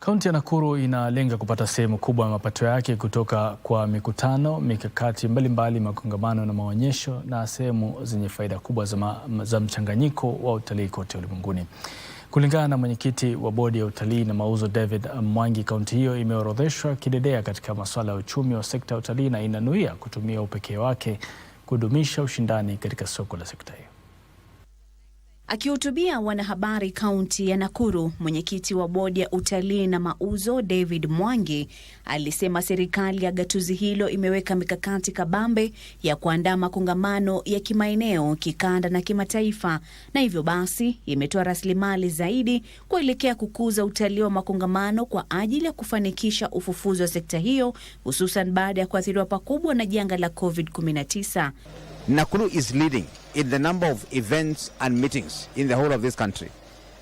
Kaunti ya Nakuru inalenga kupata sehemu kubwa ya mapato yake kutoka kwa mikutano, mikakati mbalimbali, makongamano na maonyesho na sehemu zenye faida kubwa za, za mchanganyiko wa utalii kote ulimwenguni. Kulingana na mwenyekiti wa bodi ya utalii na mauzo David Mwangi, kaunti hiyo imeorodheshwa kidedea katika masuala ya uchumi wa sekta ya utalii na inanuia kutumia upekee wake kudumisha ushindani katika soko la sekta hiyo. Akihutubia wanahabari kaunti ya Nakuru, mwenyekiti wa bodi ya utalii na mauzo David Mwangi alisema serikali ya gatuzi hilo imeweka mikakati kabambe ya kuandaa makongamano ya kimaeneo, kikanda na kimataifa, na hivyo basi imetoa rasilimali zaidi kuelekea kukuza utalii wa makongamano kwa ajili ya kufanikisha ufufuzi wa sekta hiyo, hususan baada ya kuathiriwa pakubwa na janga la COVID-19. Nakuru is leading in the number of events and meetings in the whole of this country.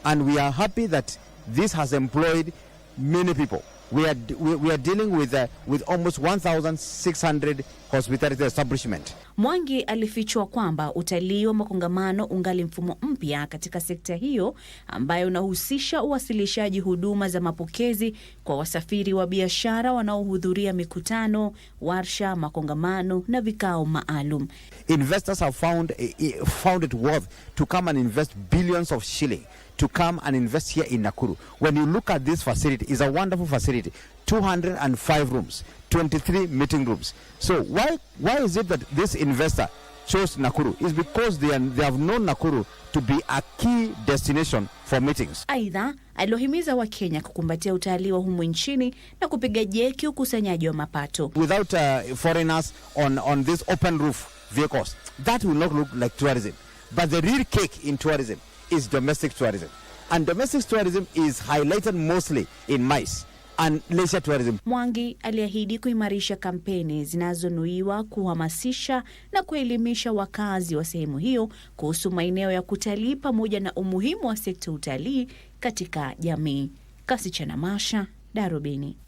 And we are happy that this has employed many people. we are, we are dealing with, uh, with almost 1600 hospitality establishment. Mwangi alifichua kwamba utalii wa makongamano ungali mfumo mpya katika sekta hiyo ambayo unahusisha uwasilishaji huduma za mapokezi kwa wasafiri wa biashara wanaohudhuria mikutano, warsha, makongamano na vikao maalum. Investors have found, eh, eh, found it worth to come and invest billions of shilling to come and invest here in Nakuru. When you look at this facility, it's a wonderful facility facility 205 rooms, 23 meeting rooms. So why, why is it that this investor chose Nakuru? Is because they, are, they have known Nakuru to be a key destination for meetings. Aidha, aliohimiza Wakenya kukumbatia utalii wa humu nchini na kupiga jeki ukusanyaji wa mapato. Without uh, foreigners on, on this open roof vehicles, that will not look like tourism. But the real cake in tourism is domestic tourism. And domestic tourism is highlighted mostly in mice and leisure tourism. Mwangi aliahidi kuimarisha kampeni zinazonuiwa kuhamasisha na kuelimisha wakazi wa sehemu hiyo kuhusu maeneo ya kutalii pamoja na umuhimu wa sekta utalii katika jamii. cha namasha Darubini.